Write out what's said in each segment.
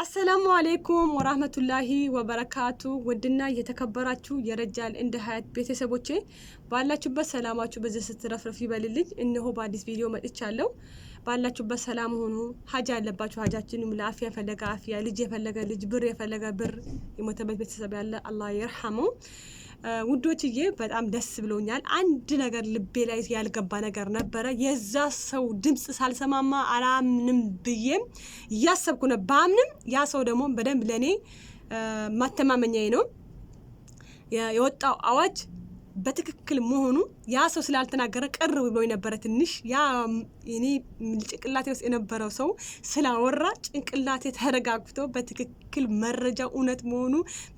አሰላሙ አሌይኩም ወራህመቱላሂ ወበረካቱ። ውድና እየተከበራችሁ የረጃል እንደ ሀያት ቤተሰቦቼ ባላችሁበት ሰላማችሁ በዚህ ስትረፍረፍ ይበልልኝ። እነሆ በአዲስ ቪዲዮ መጥቻለሁ። ባላችሁበት ሰላም ሆኑ። ሀጃ ያለባችሁ ሀጃችንም ለአፍያ የፈለገ አፍያ፣ ልጅ የፈለገ ልጅ፣ ብር የፈለገ ብር የሞተበት ቤተሰብ ያለ አላህ ይርሐመው። ውዶችዬ በጣም ደስ ብሎኛል። አንድ ነገር ልቤ ላይ ያልገባ ነገር ነበረ። የዛ ሰው ድምፅ ሳልሰማማ አላምንም ብዬም እያሰብኩ ነ በአምንም ያ ሰው ደግሞ በደንብ ለእኔ ማተማመኛዬ ነው የወጣው አዋጅ በትክክል መሆኑ ያ ሰው ስላልተናገረ ቅር ብሎ የነበረ ትንሽ ያ እኔ ጭንቅላቴ ውስጥ የነበረው ሰው ስላወራ ጭንቅላቴ ተረጋግቶ በትክክል መረጃው እውነት መሆኑ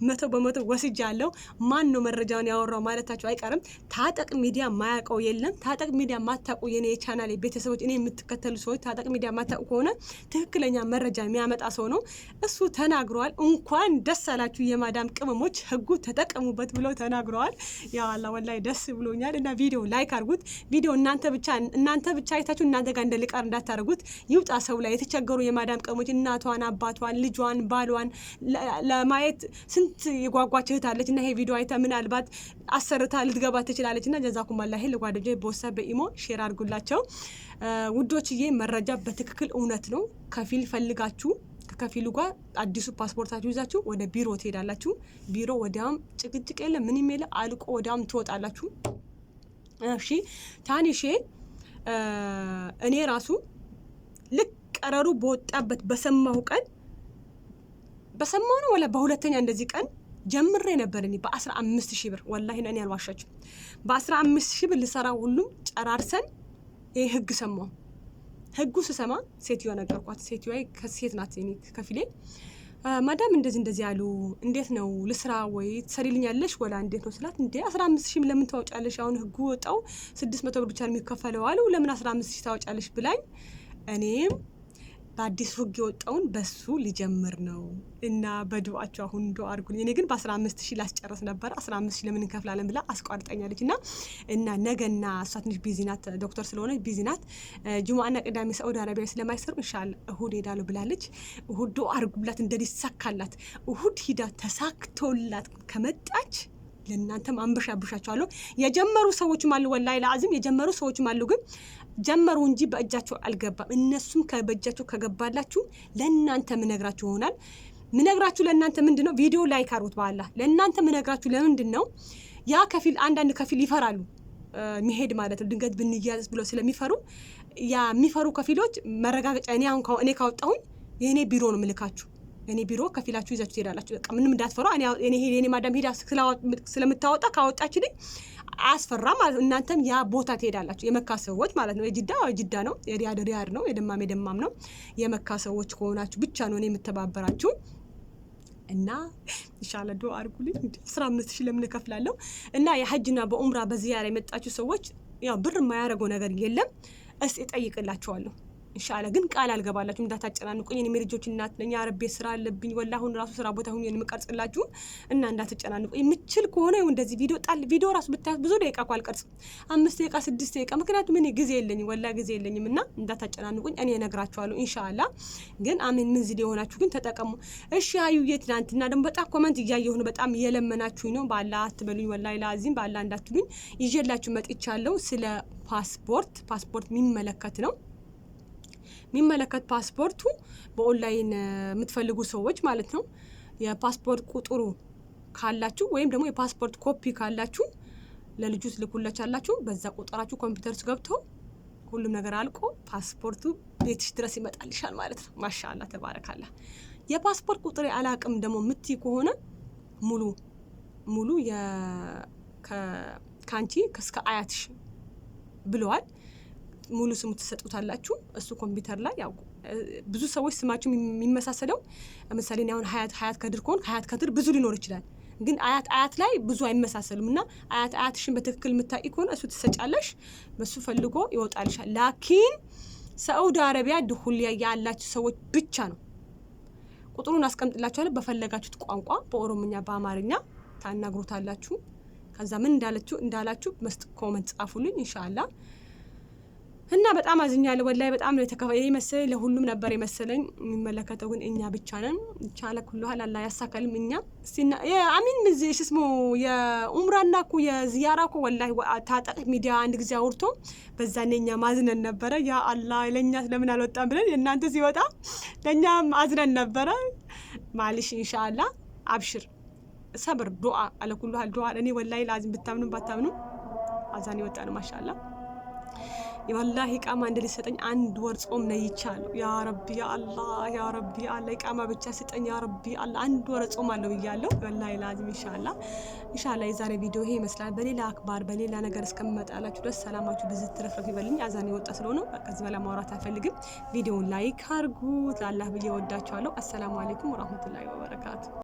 መቶ በመቶ ወስጃለሁ። ማን ነው መረጃውን ያወራው ማለታቸው አይቀርም። ታጠቅ ሚዲያ ማያውቀው የለም። ታጠቅ ሚዲያ ማታውቁ የኔ የቻናሌ ቤተሰቦች፣ እኔ የምትከተሉ ሰዎች ታጠቅ ሚዲያ ማታውቁ ከሆነ ትክክለኛ መረጃ የሚያመጣ ሰው ነው እሱ ተናግረዋል። እንኳን ደስ አላችሁ የማዳም ቅመሞች፣ ህጉ ተጠቀሙበት ብለው ተናግረዋል። ማሻላ ወላይ ደስ ብሎኛል። እና ቪዲዮ ላይክ አድርጉት። ቪዲዮ እናንተ ብቻ እናንተ ብቻ አይታችሁ እናንተ ጋር እንደ ልቃር እንዳታደርጉት። ይውጣ ሰው ላይ የተቸገሩ የማዳም ቀሞች እናቷን፣ አባቷን፣ ልጇን፣ ባሏን ለማየት ስንት የጓጓች እህት አለች እና ይሄ ቪዲዮ አይታ ምናልባት አሰርታ ልትገባ ትችላለች። እና ጀዛኩም አላ ይሄ ለጓደኞች በወሳ በኢሞ ሼር አድርጉላቸው ውዶችዬ። መረጃ በትክክል እውነት ነው ከፊል ፈልጋችሁ ከከፊሉ ጋር አዲሱ ፓስፖርታችሁ ይዛችሁ ወደ ቢሮ ትሄዳላችሁ። ቢሮ ወዲያውም ጭቅጭቅ የለ ምንም የለ አልቆ ወዲያውም ትወጣላችሁ። እሺ ታንሼ እኔ ራሱ ልክ ቀረሩ በወጣበት በሰማሁ ቀን በሰማሁ ነው ወላ በሁለተኛ እንደዚህ ቀን ጀምሬ ነበር እኔ በአስራ አምስት ሺህ ብር ወላሂ እኔ አልዋሻችሁም። በአስራ አምስት ሺህ ብር ልሰራ ሁሉም ጨራርሰን ይህ ህግ ሰማሁ። ህጉ ስሰማ ሴትዮ ነገርኳት። ሴትዮ ሴት ናት ከፊሌ ማዳም እንደዚህ እንደዚህ አሉ። እንዴት ነው ልስራ ወይ ትሰሪልኛለሽ ወላ እንዴት ነው ስላት፣ እንዴ አስራ አምስት ሺህ ለምን ታወጫለሽ? አሁን ህጉ ወጣው ስድስት መቶ ብር ብቻ ነው የሚከፈለው አሉ። ለምን አስራ አምስት ሺህ ታወጫለሽ ብላኝ እኔም በአዲስ ህግ የወጣውን በሱ ሊጀምር ነው እና በዱአቸው አሁን ዱ አድርጉልኝ። እኔ ግን በ15 ሺህ ላስጨረስ ነበረ። 15 ሺህ ለምን እንከፍላለን ብላ አስቋርጠኛለች። እና እና ነገና እሷ ትንሽ ቢዚናት ዶክተር ስለሆነች ቢዚናት ናት። ቅዳሜ ሳዑዲ አረቢያ ስለማይሰሩ እንሻላ እሁድ ሄዳለሁ ብላለች። እሁድ ዱ አድርጉላት እንደዚህ ይሳካላት። እሁድ ሂዳ ተሳክቶላት ከመጣች ለእናንተም አንብሻ ብሻቸዋለሁ። የጀመሩ ሰዎችም አሉ፣ ወላሂ ለአዚም የጀመሩ ሰዎችም አሉ ግን ጀመሩ እንጂ በእጃቸው አልገባም። እነሱም በእጃቸው ከገባላችሁ ለእናንተ ምነግራችሁ ይሆናል። ምነግራችሁ ለእናንተ ምንድን ነው? ቪዲዮ ላይክ አድርጉት። በኋላ ለእናንተ ምነግራችሁ ለምንድን ነው? ያ ከፊል አንዳንድ ከፊል ይፈራሉ ሚሄድ ማለት ነው። ድንገት ብንያዝ ብሎ ስለሚፈሩ ያ የሚፈሩ ከፊሎች መረጋገጫ እኔ አሁን እኔ ካወጣሁኝ የእኔ ቢሮ ነው ምልካችሁ እኔ ቢሮ ከፊላችሁ ይዛችሁ ትሄዳላችሁ። በቃ ምንም እንዳትፈራ እኔ ማዳም ሄዳ ስለምታወጣ ካወጣችልኝ አስፈራ ማለት ነው። እናንተም ያ ቦታ ትሄዳላችሁ። የመካ ሰዎች ማለት ነው። የጅዳ ጅዳ ነው፣ የሪያድ ሪያድ ነው፣ የደማም የደማም ነው። የመካ ሰዎች ከሆናችሁ ብቻ ነው እኔ የምተባበራችሁ እና ይሻለ ዶ አርጉልኝ። አስራ አምስት ሺህ ለምን እከፍላለሁ? እና የሐጅና በኡምራ በዚያ ላይ የመጣችሁ ሰዎች ያው ብር የማያደርገው ነገር የለም። እስ እጠይቅላችኋለሁ ኢንሻአላ ግን ቃል አልገባላችሁ፣ እንዳታጨናንቁኝ። እኔ የልጆች እናት ነኝ፣ አረብ ቤት ስራ አለብኝ። ወላ አሁን ራሱ ስራ ቦታ ሁኝ የምቀርጽላችሁ እና እንዳትጨናንቁኝ። የምችል ከሆነ ይሁን እንደዚህ ቪዲዮ ጣል ቪዲዮ ራሱ ብታዩት ብዙ ደቂቃ እኮ አልቀርጽም፣ አምስት ደቂቃ ስድስት ደቂቃ። ምክንያቱም እኔ ጊዜ የለኝም፣ ወላ ጊዜ የለኝም እና እንዳታጨናንቁኝ። እኔ እነግራችኋለሁ ኢንሻአላ። ግን አሜን ምን ዝል የሆናችሁ ግን ተጠቀሙ። እሺ አዩዬ፣ ትናንትና ደግሞ በጣም ኮመንት እያየሁ ነው፣ በጣም እየለመናችሁኝ ነው። ባላ አትበሉኝ፣ ወላ ላዚም ባላ እንዳትሉኝ። ይዤላችሁ መጥቻለሁ። ስለ ፓስፖርት ፓስፖርት የሚመለከት ነው የሚመለከት ፓስፖርቱ በኦንላይን የምትፈልጉ ሰዎች ማለት ነው የፓስፖርት ቁጥሩ ካላችሁ ወይም ደግሞ የፓስፖርት ኮፒ ካላችሁ ለልጁ አላችሁ። በዛ ቁጥራችሁ ኮምፒውተር ገብተው ሁሉም ነገር አልቆ ፓስፖርቱ ቤትሽ ድረስ ይመጣልሻል ማለት ነው። ማሻላ ተባረካላ። የፓስፖርት ቁጥር አላቅም ደግሞ ምት ከሆነ ሙሉ ሙሉ ከአንቺ እስከ አያትሽ ብለዋል። ሙሉ ስሙ ትሰጡታላችሁ። እሱ ኮምፒውተር ላይ ያው ብዙ ሰዎች ስማቸው የሚመሳሰለው ለምሳሌ አሁን ሀያት ሀያት ከድር ከሆን ሀያት ከድር ብዙ ሊኖር ይችላል። ግን አያት አያት ላይ ብዙ አይመሳሰሉም እና አያት አያትሽን በትክክል የምታውቂ ከሆነ እሱ ትሰጫለሽ፣ በሱ ፈልጎ ይወጣልሻል። ላኪን ሰዑድ አረቢያ ድሁልያ ያላችሁ ሰዎች ብቻ ነው። ቁጥሩን አስቀምጥላችኋለሁ። በፈለጋችሁት ቋንቋ በኦሮምኛ፣ በአማርኛ ታናግሮታላችሁ። ከዛ ምን እንዳላችሁ መስጥ ኮመንት ጻፉልኝ። ኢንሻአላህ እና በጣም አዝኛለሁ። ወላሂ በጣም ነው የተከፋ መሰለኝ። ለሁሉም ነበር የመሰለኝ የሚመለከተው ግን እኛ ብቻ ነን። ቻለ ኩሉሃል አላ ያሳካልም። እኛ እስቲና የአሚን ምዚ ሽስሞ የኡምራና ኩ የዚያራ ኩ ወላሂ ታጠቅ ሚዲያ አንድ ጊዜ አውርቶ በዛ እኛ ማዝነን ነበረ። ያ አላ ለእኛ ለምን አልወጣም ብለን የእናንተ ሲወጣ ለእኛ ማዝነን ነበረ። ማልሽ ኢንሻአላ አብሽር፣ ሰብር፣ ዱአ አለ ኩሉሃል ዱአ። እኔ ወላሂ ላዚም ብታምኑ ባታምኑ አዛን ይወጣ ነው ማሻአላ የወላሂ እንደ ሊሰጠኝ አንድ ወር ጾም ነይቻለሁ። ያ ረቢ አላ ያ ረቢ አላ ቃማ ብቻ ስጠኝ ያ ረቢ አላ አንድ ወር ጾም አለው ብያለሁ። ወላሂ ላዚም ኢንሻአላህ ኢንሻአላህ የዛሬ ቪዲዮ ይሄ ይመስላል። በሌላ አክባር በሌላ ነገር እስከምመጣላችሁ ድረስ ሰላማችሁ ብዙ ትረፍረፍ ይበልኝ። አዛን የወጣ ስለሆነ ከዚህ በላይ ማውራት አልፈልግም። ቪዲዮውን ላይክ አድርጉት። ላላህ ብዬ ወዳችኋለሁ። አሰላሙ አሌይኩም ወራህመቱላሂ ወበረካቱ